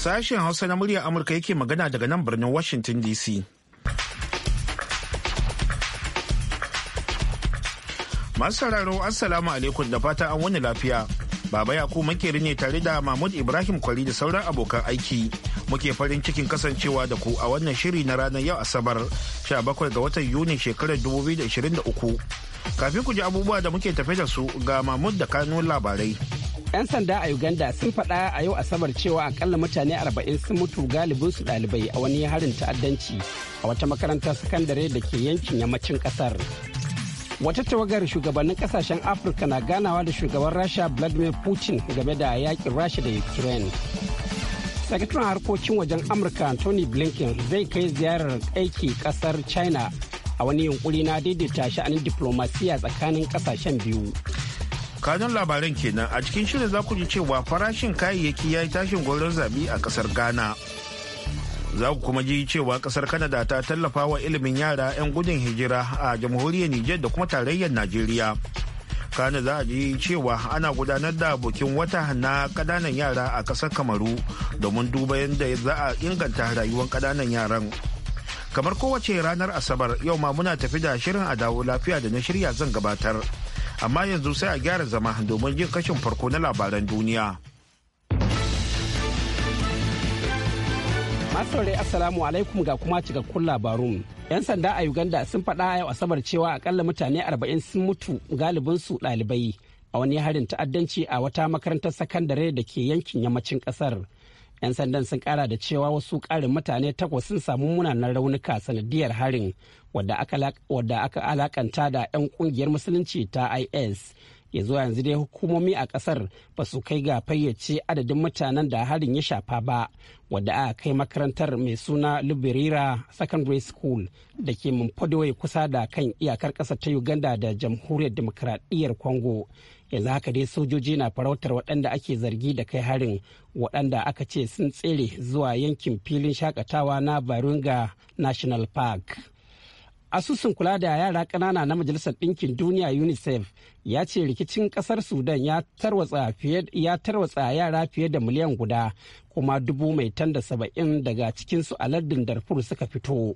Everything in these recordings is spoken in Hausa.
Sashen Hausa na murya Amurka yake magana daga nan birnin Washington DC. Masu sauraro Assalamu alaikum da fata an wani lafiya. Baba Yaku makeri ne tare da Mahmud Ibrahim Kwari da sauran abokan aiki. Muke farin cikin kasancewa da ku a wannan shiri na ranar yau Asabar 17 ga watan Yuni shekarar 2023. Kafin ku ji abubuwa da muke tafe da su ga Mahmud da kanun labarai. 'Yan sanda a Uganda sun faɗa a yau Asabar cewa akalla mutane 40 sun mutu galibin su ɗalibai a wani harin ta'addanci a wata makarantar sakandare da ke yankin yammacin ƙasar. Wata tawagar shugabannin kasashen Afirka na ganawa da shugaban Rasha Vladimir Putin game da yakin Rasha da Ukraine. sakataren harkokin wajen amurka Tony blinken zai kai ziyarar aiki kasar china a wani yunkuri na daidaita sha'anin diplomasiya tsakanin kasashen biyu kanun labaran kenan a cikin shirin za ku ji cewa farashin kayayyaki ya yi tashin gwauron zabi a kasar ghana za ku kuma ji cewa kasar kanada ta tallafa wa ilimin yara 'yan gudun hijira a jamhuriyar niger da kuma tarayyar najeriya kana za a ji cewa ana gudanar da bukin wata na kananan yara a kasar kamaru domin duba yadda za a inganta rayuwar kananan yaran kamar kowace ranar asabar yau ma muna tafi da shirin a dawo lafiya da na shirya zan gabatar amma yanzu sai a gyara zama domin yin kashin farko na labaran duniya. Masarai Assalamu alaikum ga kuma cikakkun labarun. 'Yan sanda a Uganda sun faɗa yau Asabar cewa akalla mutane 40 sun mutu galibinsu ɗalibai a wani harin ta'addanci a wata makarantar sakandare da ke yankin yammacin ƙasar. 'yan sandan sun kara da cewa wasu karin mutane takwas sun samu munanan raunuka sanadiyar harin wadda aka alakanta da 'yan kungiyar musulunci ta is ya zuwa yanzu dai hukumomi a kasar ba su kai ga fayyace adadin mutanen da harin ya shafa ba wadda aka kai makarantar mai suna liberira secondary school da ke mumfadowai kusa da kan iyakar kasar ta uganda da jamhuriyar demokradiyyar congo yanzu haka dai sojoji na farautar waɗanda ake zargi da kai harin waɗanda aka ce sun tsere zuwa yankin filin shakatawa na barunga national park asusun kula da yara ƙanana na majalisar ɗinkin duniya unicef ya ce rikicin ƙasar sudan ya tarwatsa yara fiye da miliyan guda kuma dubu mai tan da saba'in daga cikinsu a lardin darfur suka fito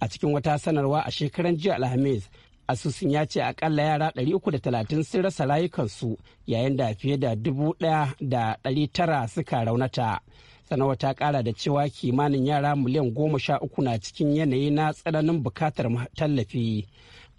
a cikin wata sanarwa a shekaran jiya alhamis asusun ya ce akalla yara 330 sun rasa rayukansu yayin da fiye da 1,900 suka raunata sanawa ta kara da cewa kimanin yara miliyan goma sha uku na cikin yanayi na tsananin bukatar tallafi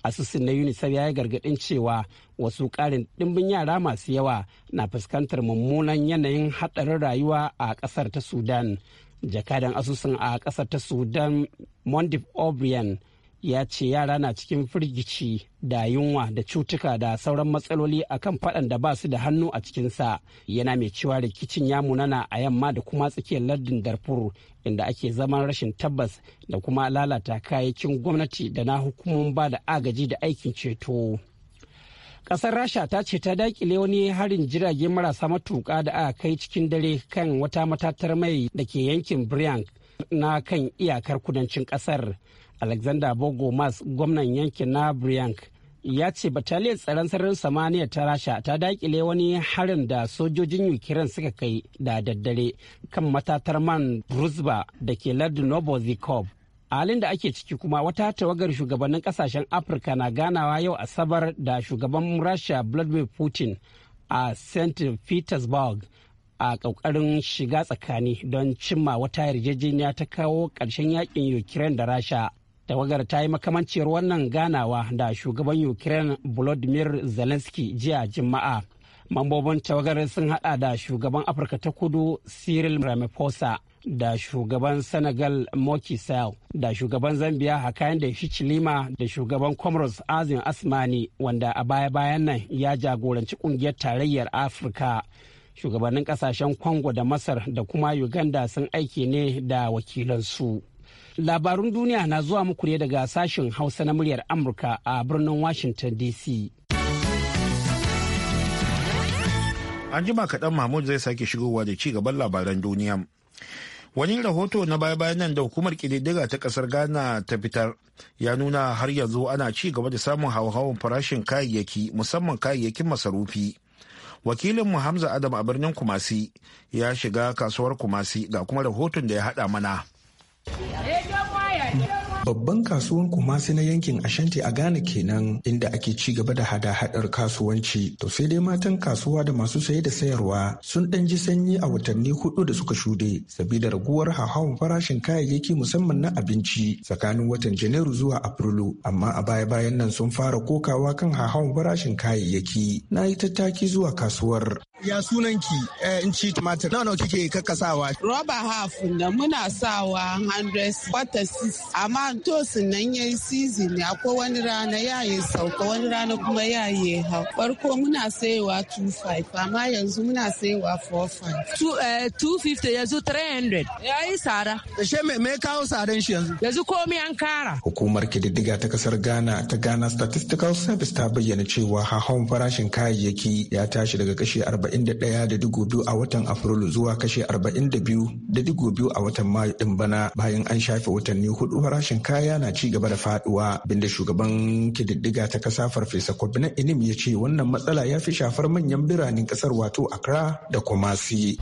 asusun na unicef ya yi gargadin cewa wasu ƙarin dimbin yara masu yawa na fuskantar mummunan yanayin haɗarin rayuwa a ƙasar ta sudan jakadan asusun a ƙasar ta sudan mondif o'brien ya ce yara na cikin firgici da yunwa da cutuka da sauran matsaloli akan faɗan da ba su da hannu a cikinsa yana mai cewa rikicin ya munana a yamma da kuma tsakiyar lardin darfur inda ake zaman rashin tabbas da kuma lalata kayayyakin gwamnati da na hukumomin ba da agaji da aikin ceto kasar rasha ta ce ta dakile wani harin jirage marasa matuka da aka kai cikin dare kan wata matatar mai da ke yankin bryansk na kan iyakar kudancin kasar alexander bogo mas gwamnan yankin na briank ya ce bataliyar tsaron sararin samaniya ta rasha ta daƙile wani harin da sojojin ukraine suka kai da daddare kan matatar man rusba da ke lardin novozikov a halin da ake ciki kuma wata tawagar shugabannin kasashen afirka na ganawa yau asabar da shugaban rasha vladimir putin a st petersburg a ƙauƙarin shiga tsakani don cimma wata yarjejeniya ta kawo ƙarshen yakin ukraine da rasha tawagar ta yi makamanciyar wannan ganawa da shugaban ukraine volodymyr zelensky jiya juma'a mambobin tawagar sun hada da shugaban afirka ta kudu cyril ramaphosa da shugaban senegal Moki Sall da shugaban zambia hakayen da lima da shugaban comoros azin asmani wanda a baya-bayan nan ya jagoranci kungiyar tarayyar afirka shugabannin kasashen congo da masar da kuma uganda sun aiki ne da wakilansu labarun duniya na zuwa muku ne daga sashen hausa na muryar amurka a birnin washington dc an jima kaɗan mahmud zai sake shigowa da cigaban labaran duniya wani rahoto na baya-bayan nan da hukumar ƙididdiga ta ƙasar ghana ta fitar ya nuna har yanzu ana ci gaba da samun hauhawan farashin kayayyaki musamman kayayyakin masarufi wakilin mu hamza adam a birnin kumasi ya shiga kasuwar kumasi ga kuma rahoton da ya haɗa mana Babban kasuwan Kumasi na yankin Ashanti a Ghana kenan inda ake ci gaba da hada-hadar kasuwanci. To sai dai matan kasuwa da masu saye da sayarwa sun ɗan ji sanyi a watanni hudu da suka shuɗe sabida raguwar hauhawar farashin kayayyaki musamman na abinci tsakanin watan Janairu zuwa Afrilu. Amma a baya-bayan nan sun fara kokawa kan hauhawar farashin kayayyaki. Na yi tattaki zuwa kasuwar Ya sunan ki eh, in ci tumatir. Nawa nawa kike kakkasawa? Roba half da muna sawa 100 quarter six. Amma tosin sunan yayi season ya ko wani rana yayi sauka wani rana kuma yayi hau. Farko muna sayewa 25 amma yanzu muna sayewa 45. 250 eh, yanzu 300. Yayi tsada. Da she me kawo tsadan shi yanzu? Yanzu komai an kara. Hukumar kididdiga ta kasar Ghana ta Ghana Statistical Service ta bayyana cewa hahon farashin kayayyaki ya tashi daga kashi 40 41.2 a watan Afrilu zuwa kashe 42.2 a watan Mayu din bana bayan an shafe watanni hudu farashin kaya na ci gaba da faduwa binda shugaban kididdiga ta kasa farfesa Kwabina Inim ya ce wannan matsala ya fi shafar manyan biranen kasar wato Accra da Kumasi.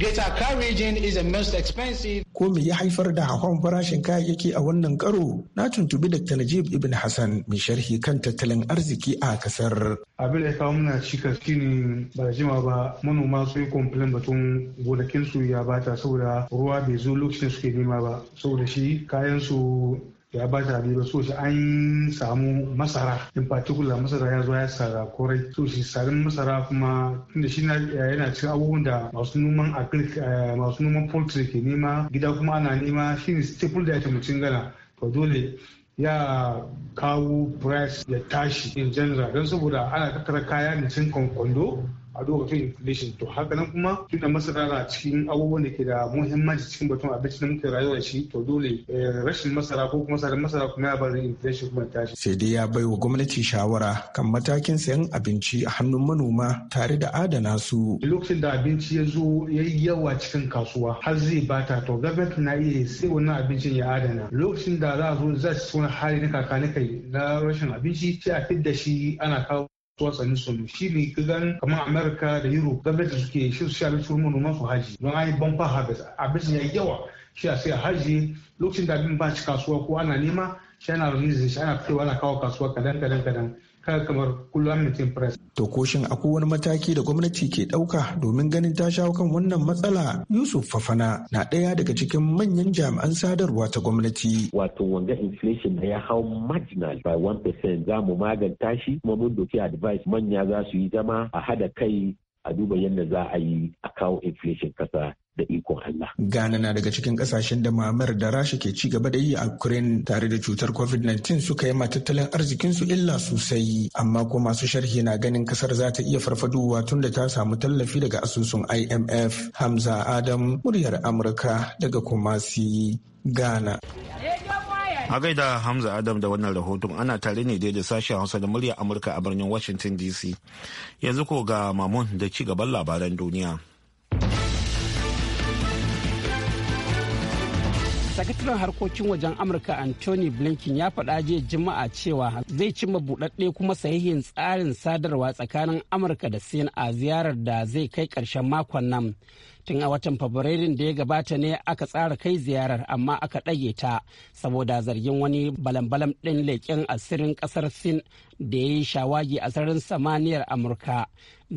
Ko me ya haifar da hawan farashin kayayyaki a wannan karo? Na tuntubi Dr. Najib Ibn Hassan mai sharhi kan tattalin arziki a kasar. Abin da ya kawo muna cikas shine ba jima ba mun manoma sun yi complain batun su ya bata saboda ruwa bai zo lokacin suke nema ba saboda shi kayan su ya ba ta ba so shi an samu masara in particular masara ya zo ya sara korai so shi sarin masara kuma tunda shi eh, yana cin abubuwan da masu noman agric eh, masu noman poultry ke nema gida kuma ana nema shi ne staple da ya mutum gana to dole ya kawo price ya tashi in general don saboda ana tattara kaya da cin kwando a lokacin inflation to haka nan kuma tunda masara a cikin abubuwan da ke da muhimmanci cikin batun abinci da muke rayuwa da shi to dole eh, rashin masara ko kuma sarin masara kuma ya bari inflation kuma tashi. sai dai ya bai wa gwamnati shawara kan matakin sayan abinci a hannun manoma tare da adana su. lokacin da abinci ya zo ya yi yawa cikin kasuwa har zai bata to government na iya sai wannan abincin ya adana lokacin da za a zo za su wani hali na kakanikai na rashin abinci sai a fidda shi ana kawo towards a new solution shine ka gan kamar america da europe gwamnati suke shi su shafi su manoma su haji don an yi bamfa harvest abin ya yi yawa shi a sai a haji lokacin da abin ba shi kasuwa ko ana nema shi ana release shi ana fitowa ana kawo kasuwa kadan kadan kadan kamar kullum press to ko akwai wani mataki da gwamnati ke ɗauka domin ganin ta shawo kan wannan matsala yusuf fafana na ɗaya daga cikin manyan jami'an sadarwa ta gwamnati wato wanga inflation da ya hau marginal by 1% za mu maganta shi kuma mun doki advice manya za su yi zama a hada kai a duba yadda za a yi a kawo inflation kasa da ikon Allah. Ghana na daga cikin kasashen da mamar da Rasha ke ci gaba da yi a Ukraine tare da cutar COVID-19 suka yi tattalin arzikinsu illa sosai amma ko masu sharhi na ganin kasar za ta iya farfaduwa tun da ta samu tallafi daga asusun IMF. Hamza Adam muryar Amurka daga Kumasi, Ghana. A gaida Hamza Adam da wannan rahoton ana tare ne da sashen Hausa da murya Amurka a birnin Washington DC. Yanzu ko ga Mamun da ci gaban labaran duniya. sakataren harkokin wajen amurka anthony blinken ya faɗa jiya juma'a cewa zai cimma buɗaɗɗe kuma sahihin tsarin sadarwa tsakanin amurka da sin a ziyarar da zai kai ƙarshen makon nan tun a watan fabrairun da ya gabata ne aka tsara kai ziyarar amma aka ɗage ta saboda zargin wani balam-balam ɗin leƙen asirin ƙasar sin da ya yi shawagi a sararin samaniyar amurka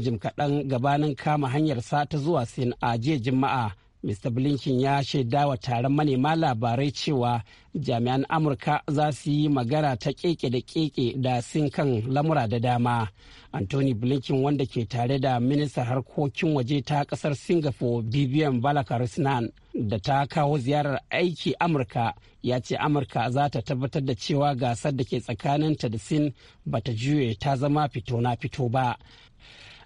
jim kaɗan gabanin kama hanyar sa ta zuwa sin a jiya juma'a Mr. Blinken ya shaida wa taron manema labarai cewa jami'an Amurka za su yi magana ta keke da keke da sin kan lamura da dama. Anthony Blinken wanda ke tare da ministan harkokin waje ta kasar Singapore Vivian Balakrishnan da ta kawo ziyarar aiki Amurka ya ce Amurka za ta tabbatar da cewa gasar da ke tsakaninta da Sin bata juye ta zama fito na fito ba.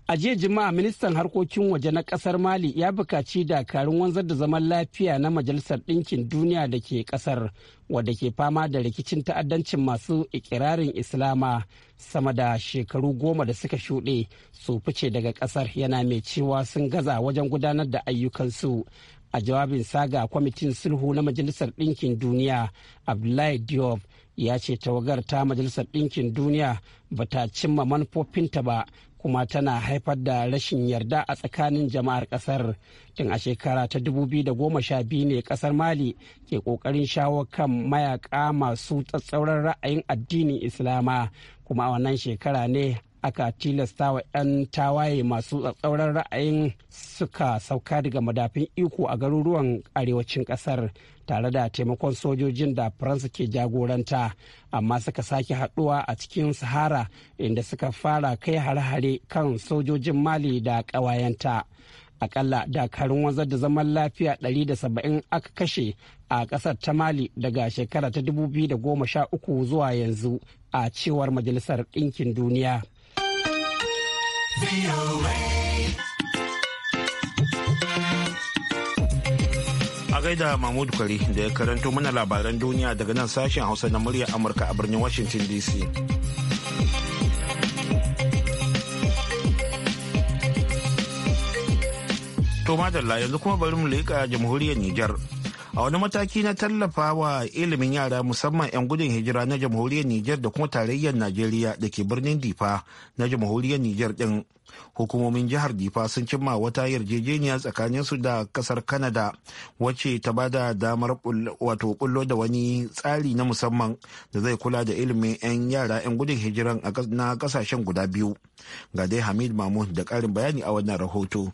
A jiya Juma'a ministan harkokin waje na kasar Mali ya bukaci dakarun wanzar da zaman lafiya na Majalisar Ɗinkin Duniya da ke kasar wadda ke fama da rikicin ta'addancin masu ikirarin Islama sama da shekaru goma da suka shuɗe su fice daga kasar yana mai cewa sun gaza wajen gudanar da ayyukansu. A jawabin saga kwamitin sulhu na Majalisar Ɗinkin Duniya Abdullahi Diop ya ce tawagar ta Majalisar Ɗinkin Duniya ba ta cimma manufofinta ba kuma tana haifar da rashin yarda a tsakanin jama'ar kasar tun a shekara ta 2012 ne kasar mali ke kokarin shawo kan mayaka masu tsatsauran ra'ayin addinin islama kuma a wannan shekara ne aka tilasta wa 'yan tawaye masu tsatsauran ra'ayin suka sauka daga madafin iko a garuruwan arewacin kasar tare da taimakon sojojin da faransa ke jagoranta amma suka sake haɗuwa a cikin sahara inda suka fara kai hare-hare kan sojojin mali da ƙawayenta akalla dakarun wanzar da zaman lafiya 170 aka kashe a ƙasar ta mali daga shekara ta 2013 zuwa yanzu a cewar majalisar ɗinkin duniya A gaida Mahmud Kwari da ya karanto mana labaran duniya daga nan sashen Hausa na murya Amurka a birnin Washington DC. To madalla yanzu kuma bari mu leƙa jamhuriyar Nijar. a wani mataki na tallafa wa ilimin yara musamman 'yan gudun hijira na jamhuriyar niger da kuma tarayyar najeriya da ke birnin difa na jamhuriyar niger din hukumomin jihar difa sun cimma wata yarjejeniya tsakanin su da kasar kanada wacce ta ba da damar wato bullo da wani tsari na musamman da zai kula da ilimin 'yan yara 'yan gudun hijiran na kasashen guda biyu ga dai hamid mamu da karin bayani a wannan rahoto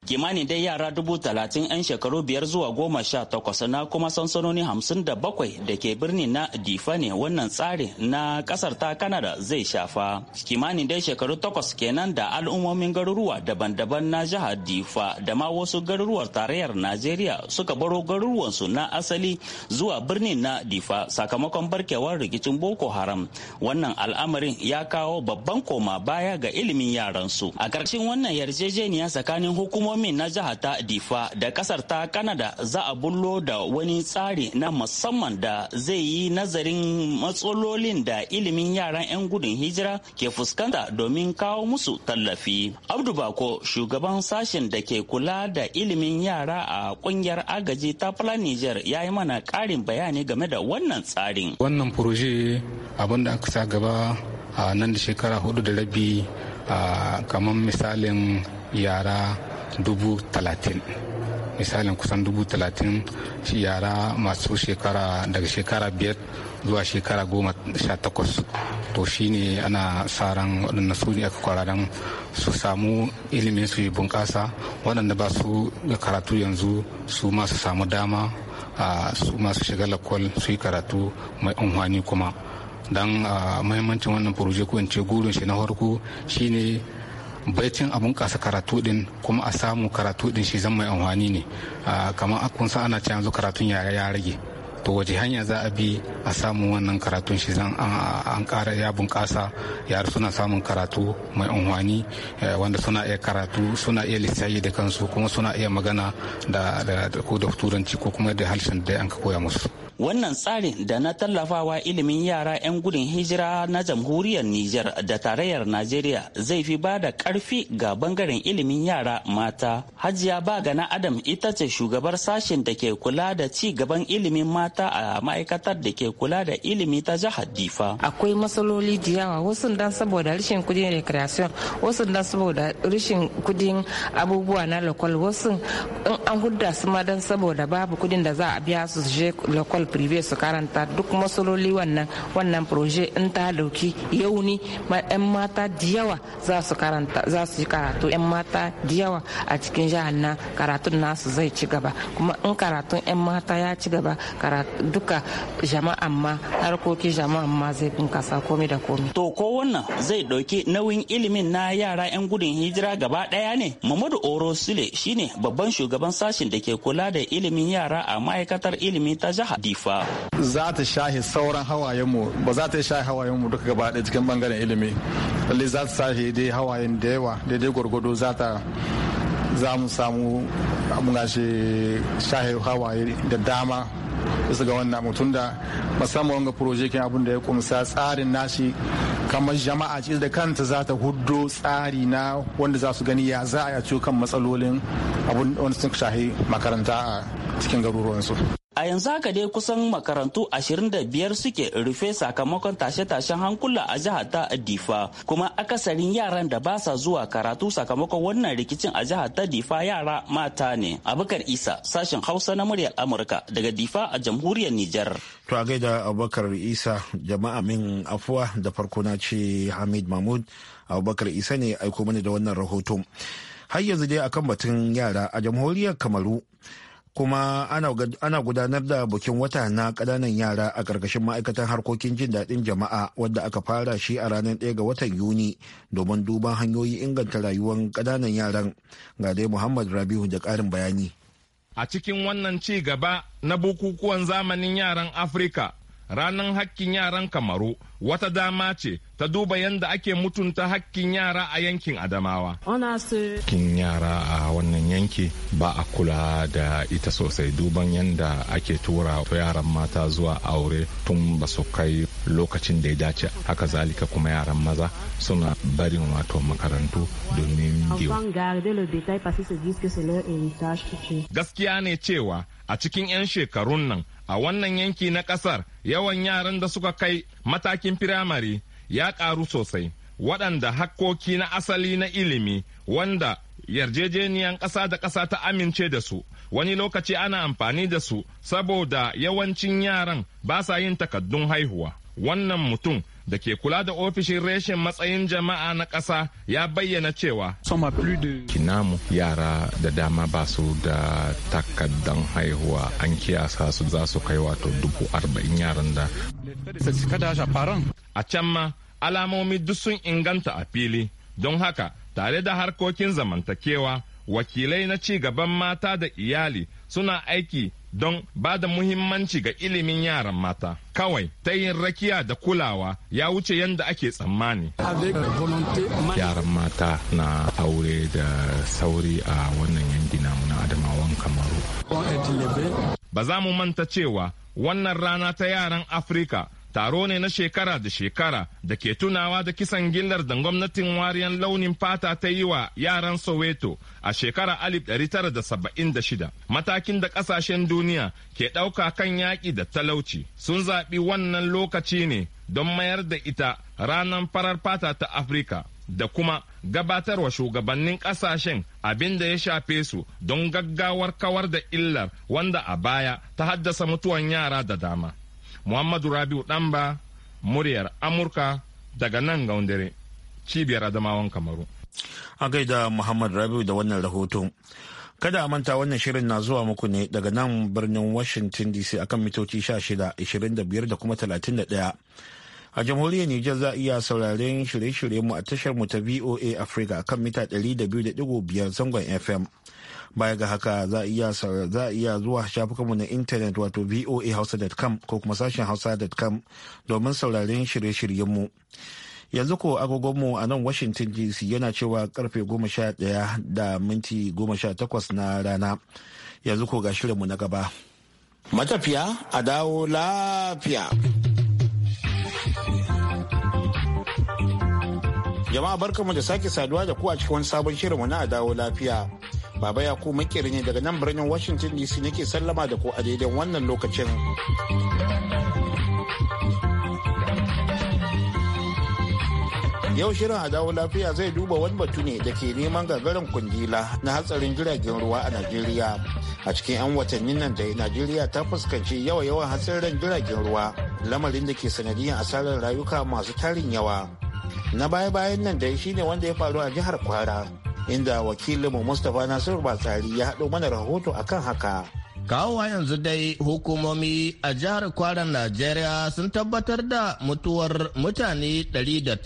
kimanin dai yara dubu talatin 'yan shekaru biyar zuwa goma sha takwas na kuma sansanoni hamsin da bakwai da ke birni na difa ne wannan tsari na kasar ta kanada zai shafa kimanin dai shekaru takwas kenan da al'ummomin garuruwa daban-daban na jihar difa da ma wasu garuruwar tarayyar najeriya suka baro garuruwansu na asali zuwa birni na difa sakamakon barkewar rikicin boko haram wannan al'amarin ya kawo babban koma baya ga ilimin yaransu a ƙarshen wannan yarjejeniya tsakanin hukumar hukumomi na jihar ta difa da kasar ta kanada za a bullo da wani tsari na musamman da zai yi nazarin matsalolin da ilimin yaran 'yan gudun hijira ke fuskanta domin kawo musu tallafi abdu bako shugaban sashen da ke kula da ilimin yara a kungiyar agaji ta fula niger ya yi mana karin bayani game da wannan tsarin wannan abin da aka sa gaba a nan da shekara hudu da rabi kamar misalin yara dubu talatin misalin kusan dubu talatin yara masu shekara daga shekara biyar zuwa shekara goma sha takwas to shine ana sa ran waɗanda su ne aka kwararan su samu ilimin su bunƙasa waɗanda ba su karatu yanzu su masu samu dama su masu shiga lakwal su yi karatu mai amfani kuma don mahimmancin wannan ko in ce gurin shi na farko shine baicin a bunƙasa karatu din kuma a samu karatu din shi zan mai amfani ne kamar akun sa ana ce yanzu karatun ya rage to waje hanya za a bi a samu wannan karatun shi zan an kara ya bunƙasa yara suna samun karatu mai unhwani eh, wanda suna iya karatu suna iya lissayi da kansu kuma suna iya magana da ko da turanci ko kuma da harshen da an ka koya musu Wannan tsarin da na tallafawa ilimin yara 'yan gudun hijira na jamhuriyar Nijar da tarayyar nigeria zai fi ba da karfi ga bangaren ilimin yara mata. Hajiya na Adam ita ce shugabar sashen da ke kula da ci gaban ilimin mata a ma'aikatar da ke kula da ilimi ta jihar Difa. Akwai matsaloli da yawa wasu dan saboda rashin kudin recreation wasu dan saboda rashin kudin abubuwa na lokal wasu in an hudda su ma dan saboda babu kudin da za a biya su je lokal prive su karanta duk masaloli wannan wannan proje in ta dauki yau ni yan mata da yawa za su karanta za su karatu yan mata da yawa a cikin jihar na karatun nasu zai ci gaba kuma in karatun yan mata ya ci gaba duka jama'a ma harkoki jama'a ma zai kasa komai da komai to ko wannan zai dauki nauyin ilimin na yara yan gudun hijira gaba daya ne mamadu oro sule shine babban shugaban sashen da ke kula da ilimin yara a ma'aikatar ilimi ta jihar dif tufa za ta shahi sauran hawayenmu ba za ta yi shahi hawayenmu duka gaba ɗaya cikin bangaren ilimi lalle za ta shahi dai hawayen da yawa daidai gwargwado za ta za mu samu muna shi shahi hawaye da dama bisa ga wannan mutum da musamman wanga projekin abin da ya kumsa tsarin nashi kamar jama'a ce da kanta za ta huddo tsari na wanda za su gani ya za a ciwo kan matsalolin abin wani sun shahi makaranta a cikin garuruwansu. a yanzu haka dai kusan makarantu 25 suke rufe sakamakon tashe-tashen hankula a jihar ta difa kuma akasarin yaran da ba sa zuwa karatu sakamakon wannan rikicin a jihar ta difa yara mata ne abubakar isa sashen hausa na muryar amurka daga difa a jamhuriyar nijar to a gaida abubakar isa jama'a min afuwa da farko na ce hamid mahmud abubakar isa ne aiko mani da wannan rahoto har yanzu dai akan batun yara a jamhuriyar kamaru kuma ana gudanar da bukin wata na ƙananan yara a ƙarƙashin ma'aikatan harkokin jin daɗin jama'a wadda aka fara shi a ranar 1 ga watan yuni domin duban hanyoyi inganta rayuwar kananan yaran ga dai muhammad rabihu da ƙarin bayani a cikin wannan ci gaba na bukukuwan zamanin yaran afirka ranar hakkin yaran kamaru wata dama ce ta duba yadda ake mutunta hakkin yara a yankin adamawa hakkin yara a wannan yanki ba a kula da ita sosai duban yadda ake tura yaran mata zuwa aure tun ba su kai lokacin da ya dace haka zalika kuma yaran maza suna barin wato makarantu domin gaskiya ne cewa a cikin 'yan shekarun nan a wannan yanki na kasar yawan yaran da suka kai matakin firamare ya karu sosai waɗanda hakkoki na asali na ilimi wanda yarjejeniyan ƙasa da ƙasa ta amince da su wani lokaci ana amfani da su saboda yawancin yaran ba sa yin takaddun haihuwa wannan mutum da ke kula da ofishin reshen matsayin jama'a na ƙasa ya bayyana cewa kinamu yara da dama ba su da takaddan haihuwa an kiyasa su za su kai wato dubu arba'in yaran da a can ma alamomi duk sun inganta a fili don haka tare da harkokin zamantakewa wakilai na ci gaban mata da iyali suna aiki don ba da muhimmanci ga ilimin yaran mata kawai ta yin rakiya da kulawa ya wuce yadda ake tsammani yaran mata na aure da sauri a wannan yanki namu na adamawan kamaru ba za mu manta cewa wannan rana ta yaran afirka taro ne na shekara da shekara da ke tunawa da kisan gillar da gwamnatin wariyar launin fata ta yi wa yaran soweto a shekara 1976 matakin da kasashen duniya ke ɗauka kan yaƙi da talauci sun zaɓi wannan lokaci ne don mayar da ita ranar farar fata ta afirka da kuma gabatarwa shugabannin kasashen abin da ya shafe su don gaggawar kawar da illar wanda a baya ta haddasa mutuwan yara da dama muhammadu rabiu ɗanba muryar amurka daga nan gaundare cibiyar adamawan kamaru a gaida muhammadu rabiu da wannan rahoton kada a manta wannan shirin na zuwa muku ne daga nan birnin washington dc akan mitoci 16 25 da kuma 31 A jamhuriyar Nijar za a iya sauraren shirye shiryenmu mu a tashar mu ta VOA Africa kan mita 200.5 zangon FM. Baya ga haka za a iya zuwa shafukanmu na intanet wato voahausa.com ko kuma sashen hausa.com domin sauraren shirye-shiryen mu. Yanzu ko agogonmu a nan Washington DC yana cewa karfe 11 da minti 18 na rana. Yanzu ko ga shirinmu na gaba. Matafiya a dawo lafiya. Jama'a mu da sake saduwa da ku a cikin wani sabon shirinmu na dawo lafiya. Baba ya ku makeri ne daga nan birnin Washington DC nake sallama da ku a daidai wannan lokacin. Yau shirin a dawo lafiya zai duba wani batu ne da ke neman gagarin kundila na hatsarin jiragen ruwa a Najeriya. A cikin 'yan watannin nan da Najeriya ta fuskanci yawa-yawan hatsarin jiragen ruwa, lamarin da ke sanadiyar asarar rayuka masu tarin yawa. na baya-bayan nan da shine wanda ya faru a jihar kwara inda wakilinmu mustapha nasiru Basari ya haɗo mana rahoto akan haka kawowa yanzu dai hukumomi a jihar kwara najeriya sun tabbatar da mutuwar mutane 108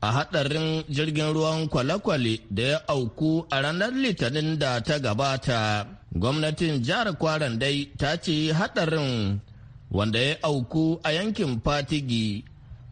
a hadarin jirgin ruwan kwale-kwale da ya auku a ranar litinin da ta gabata gwamnatin jihar kwaran dai ta ce haɗarin, wanda ya auku a yankin fatigi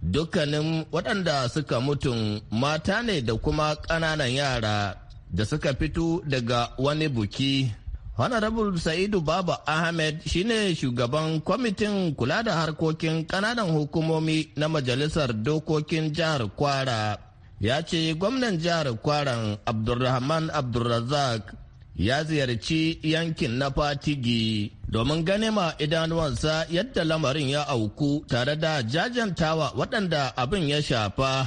dukkanin waɗanda suka mutum mata ne da kuma ƙananan yara da suka fito daga wani buki honorable sa'idu baba ahmed shine shugaban kwamitin kula da harkokin ƙananan hukumomi na majalisar dokokin jihar kwara ya ce gwamnan jihar kwaran abdulrahman abdulrazak ya ziyarci yankin na fatigi domin ganema idanuwansa yadda lamarin ya auku tare da jajantawa waɗanda abin ya shafa.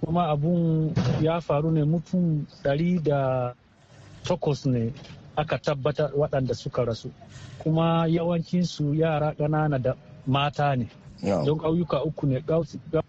kuma abun ya faru ne mutum ɗari da takwas ne aka tabbata waɗanda suka rasu kuma yawancinsu yara ƙanana da mata ne don ƙauyuka uku ne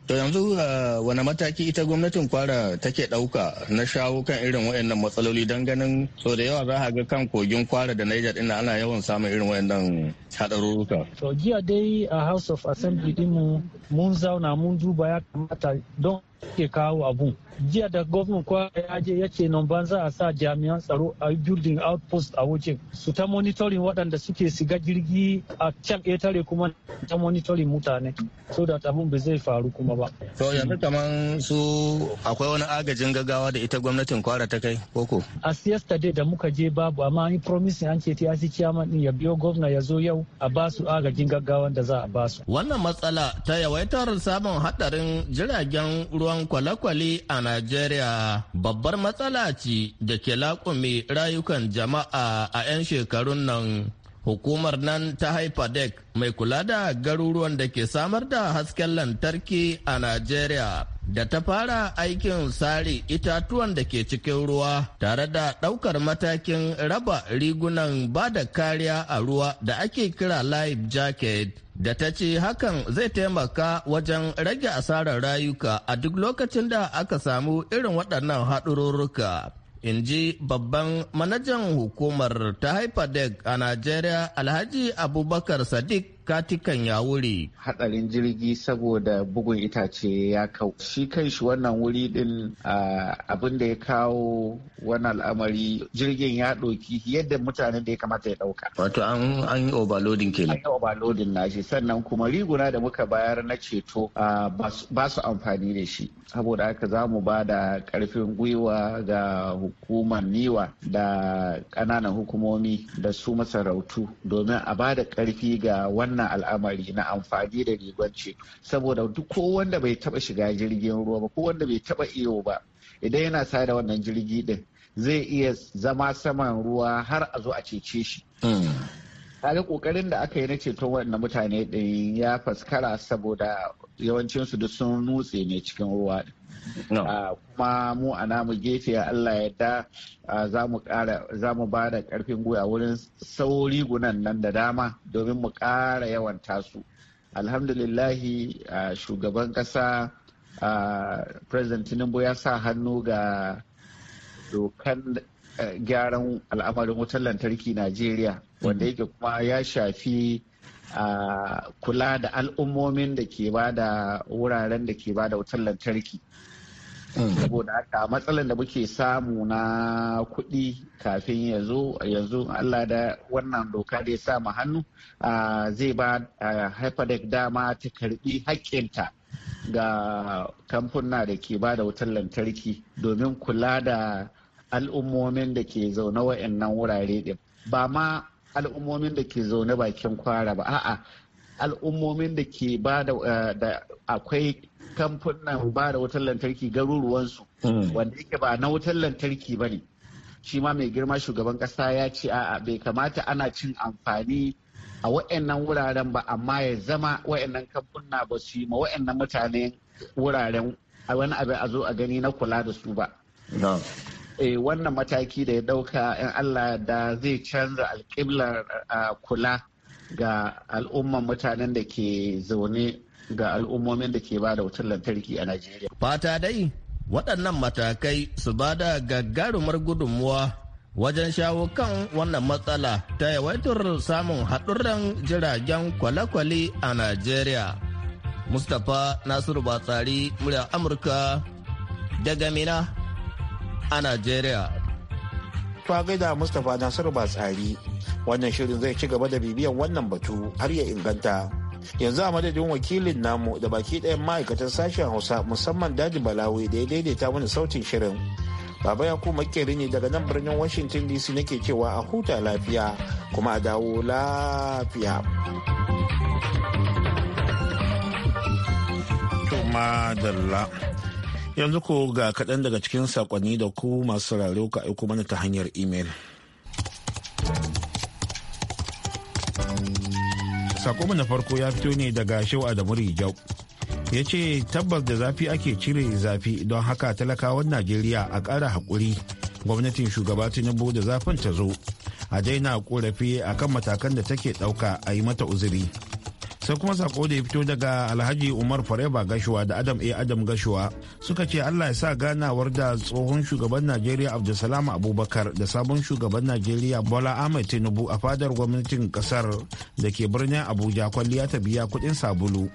to yanzu uh, wani mataki ita gwamnatin kwara take ɗauka na shawo kan irin wayannan matsaloli don ganin so da yawa za a ga kan kogin kwara da niger ɗin ana yawan samun irin wayannan haɗarurruka to jiya dai a house of assembly dinmu mun zauna mun duba ya kamata don ke kawo abu jiya da gwamnan kwa ya je ya ce nan banza a sa jami'an tsaro a building outpost a wuce su ta monitoring waɗanda suke siga jirgi a can etare kuma ta monitoring mutane so da abun bai zai faru kuma ba. so yanzu kaman su akwai wani agajin gaggawa da ita gwamnatin kwara ta kai koko. a yesterday da muka je babu amma an yi promising an ce ta yasi chairman din ya biyo gwamna ya zo yau a ba su agajin gaggawa da za a ba su. wannan matsala ta yawaitar sabon hadarin jiragen ruwa ruwan kwale a Najeriya babbar matsala ce da ke lakumi rayukan jama'a a 'yan shekarun nan Hukumar nan ta haifa Hyperdeck mai kula da garuruwan da ke samar da hasken lantarki a Najeriya da ta fara aikin sare itatuwan da ke cikin ruwa tare da ɗaukar matakin raba rigunan ba da kariya a ruwa da ake kira life jacket da ta ce hakan zai taimaka wajen rage asarar rayuka a duk lokacin da aka samu irin waɗannan haɗururruka. in ji babban manajan hukumar ta haifadek a najeriya alhaji abubakar sadiq katikan ya wuri. Hatsarin jirgi saboda bugun itace ya kau. Shi kai shi wannan wuri din abin da ya kawo wani al'amari jirgin ya ɗoki yadda mutanen da ya kamata ya ɗauka. Wato an yi overloading kenan. An yi overloading na shi sannan kuma riguna da muka bayar na ceto ba su amfani da shi. Saboda haka za mu ba da ƙarfin gwiwa ga hukumar niwa da ƙananan hukumomi da su masarautu domin a ba da ƙarfi ga wannan wannan al'amari na amfani da rigon ceto saboda duk ko wanda bai taba shiga jirgin ruwa ba ko wanda bai taba iyo ba idan yana sa da wannan jirgi din zai iya zama saman ruwa har a zo a cece shi hmm. kaga kokarin da aka yi na ceton waɗannan mutane ɗin ya faskara saboda yawancinsu duk sun nutse ne cikin ruwa ah, kuma mu a namu gefe Allah ya da ah, za mu ba da ƙarfin gwiwa wurin sauri gunan nan da dama domin mu ƙara yawan tasu alhamdulillahi ah, shugaban ƙasa president tinubu ya sa hannu ga dokan eh, gyaran al'amarin wutar lantarki najeriya wanda hmm. yake kuma ya shafi a kula da al'ummomin da ke ba da wuraren da ke ba da wutar lantarki hmm. saboda haka matsalar da muke samu na kuɗi kafin ya yanzu allah da wannan doka da ya samu hannu zai ba hyperdeck dama ta karbi haƙƙinta ga kamfuna da ke ba da wutar lantarki domin kula da al'ummomin da ke zaune wa'annan wurare din ba ma al'ummomin da ke zaune bakin kwara ba a'a al'ummomin da ke ba da eh, akwai kamfunan ba da wutar lantarki garuruwansu hmm. wanda yake ba na wutar lantarki ba ne shi ma mai girma shugaban kasa ya ce a'a bai kamata ana cin amfani a wa'annan wuraren ba amma ya zama wa'annan kamfunan ba su yi ma wa'annan mutane wuraren a wani abin a zo a gani na kula da su ba Eh, wannan mataki da ya dauka in Allah da zai canza alƙiblar kula ga al'umman mutanen da ke zaune ga al'ummomin da ke ba da wutar lantarki a Najeriya. Fata dai waɗannan matakai su ba da gagarumar gudunmuwa wajen shawo kan wannan matsala ta yawaitar samun haɗurran jiragen kwale-kwale a Najeriya. Mustapha Nasiru Batsari, murya Amurka daga Mina a Najeriya. Tuwa gaida Mustapha Nasiru Batsari wannan shirin zai ci gaba da bibiyan wannan batu har ya inganta. Yanzu a madadin wakilin namu da baki ɗayan ma'aikatan sashen Hausa musamman Daji Balawi da ya daidaita mana sautin shirin. Baba ya kuma makeri ne daga nan birnin Washington DC nake cewa a huta lafiya kuma a dawo lafiya. Tuma Yanzu ko ga kaɗan daga cikin saƙonni da ku masu sauraro ka aiko mana ta hanyar imel. Sako na farko ya fito ne daga da muri jau ya ce tabbas da zafi ake cire zafi don haka talakawan najeriya a ƙara haƙuri gwamnatin shugaba tinubu da zafin ta zo a daina korafi a kan matakan da take ɗauka a yi mata uzuri sai kuma sako da ya fito daga alhaji umar fareba gashuwa da adam a adam gashuwa suka ce allah ya sa ganawar da tsohon shugaban najeriya abdulsalam abubakar da sabon shugaban najeriya bola ahmed tinubu a fadar gwamnatin kasar da ke birnin abuja kwalliya ta biya kudin sabulu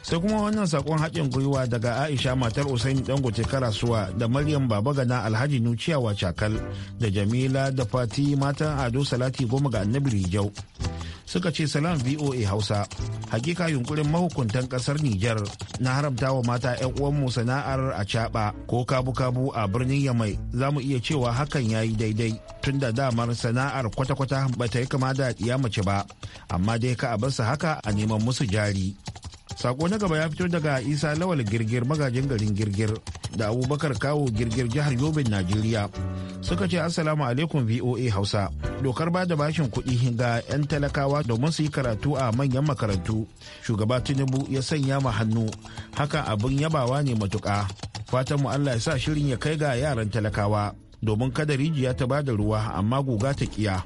sai kuma wannan sakon haɗin gwiwa daga aisha matar usain dangote karasuwa da maryam babagana alhaji nuciyawa cakal da jamila da fati matan ado salati goma ga annabi rijau suka ce salam voa hausa hakika yunkurin mahukuntan kasar nijar na haramta wa mata 'yan uwanmu sana'ar a caba ko kabu-kabu a birnin yamai za mu iya cewa hakan ya yi daidai tun da damar sana'ar kwata-kwata ba ta yi kama da mace ba amma dai ka a barsa haka a neman musu jari sako na gaba ya fito daga isa lawal girgir magajin garin girgir da abubakar kawo girgir jihar yobin najeriya suka ce assalamu alaikum voa hausa dokar ba da bashin kuɗi ga 'yan talakawa domin su yi karatu a manyan makarantu shugaba tinubu ya sanya ma hannu haka abin yabawa ne matuka fatan mu allah ya sa shirin ya kai ga yaran talakawa domin kada rijiya ta ba da ruwa amma guga ta kiya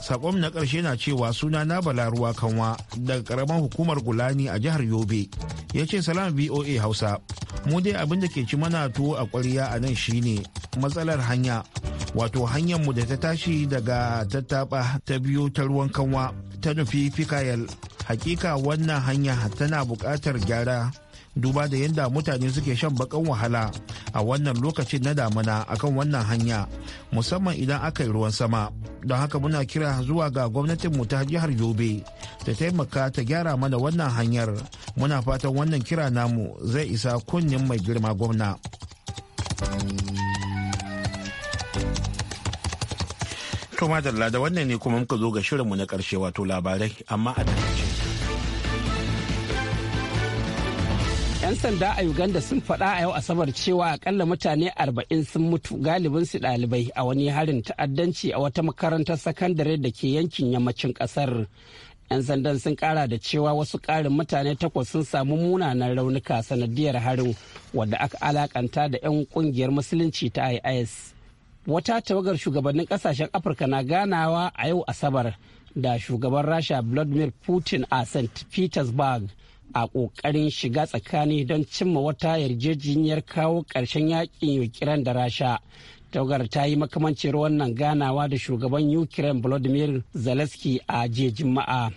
sakon na karshe na cewa suna na balaruwa kanwa daga karamar hukumar gulani a jihar yobe ya ce salam voa hausa mu dai abin da ke ci mana tuwo a kwariya a nan shine matsalar hanya wato hanyar mu da ta tashi daga tattaba ta biyo ta ruwan kanwa ta nufi fikayel hakika wannan hanya tana buƙatar gyara duba da yadda mutane suke shan bakan wahala a wannan lokacin na damuna akan wannan hanya musamman idan aka yi ruwan sama don haka muna kira zuwa ga gwamnatin mu ta jihar yobe ta taimaka ta gyara mana wannan hanyar muna fatan wannan kira namu zai isa kunnen mai girma gwamna To madalla da wannan ne kuma muka zo ga shirinmu na karshe wato labarai amma a takaice. 'Yan sanda a Uganda sun faɗa a yau Asabar cewa akalla mutane 40 sun mutu galibin su ɗalibai a wani harin ta'addanci a wata makarantar sakandare da ke yankin yammacin ƙasar. 'Yan sandan sun ƙara da cewa wasu karin mutane takwas sun samu munanan raunuka sanadiyar harin wadda aka alakanta da 'yan ƙungiyar musulunci ta IS. Wata tawagar shugabannin ƙasashen Afirka na ganawa a yau Asabar da shugaban Rasha Vladimir Putin a St. Petersburg. a ƙoƙarin shiga tsakani don cimma wata yarjejeniyar kawo ƙarshen yakin ukraine da rasha taugar ta yi makamancin wannan ganawa da shugaban ukraine volodymyr zelensky a jiya juma'a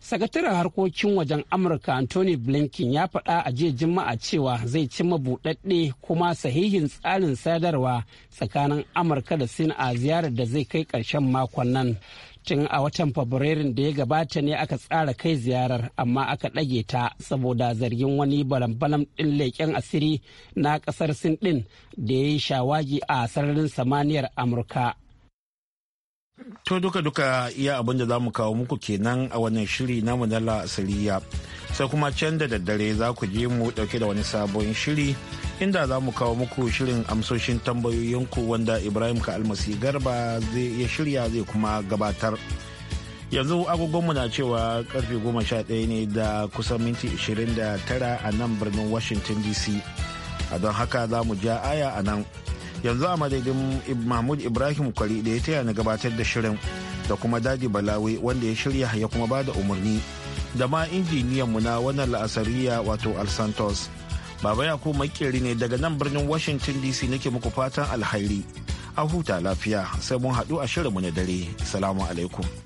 sakataren harkokin wajen amurka anthony blinken ya faɗa a jiya juma'a cewa zai cimma buɗaɗɗe kuma sahihin tsarin sadarwa tsakanin amurka da sin a ziyarar da zai kai ƙarshen makon nan tun a watan fabrairun da ya gabata ne aka tsara kai ziyarar amma aka ɗage ta saboda zargin wani balam-balam ɗin leƙen asiri na ƙasar sin ɗin da ya yi shawagi a sararin samaniyar amurka to duka-duka iya abin da za mu kawo muku kenan a wannan shiri na manala asiriya sai kuma can da daddare za ku je mu ɗauke da wani sabon shiri inda za mu kawo muku shirin amsoshin tambayoyinku wanda ibrahim ka almasi garba ya shirya zai kuma gabatar yanzu agogonmu na cewa karfe 11 ne da kusan minti 29 a nan birnin washington dc a don haka za mu ja aya a nan yanzu a madadin mahmud ibrahim kwari da ya taya na gabatar da shirin da kuma dadi balawe wanda ya shirya ya kuma ba da umarni da ma injiniyanmu na wannan la'asariya wato al santos Baba Yakubu makeri ne daga nan birnin Washington DC nake muku fatan alhairi. A huta lafiya sai mun haɗu a shirinmu na dare. Salamu alaikum.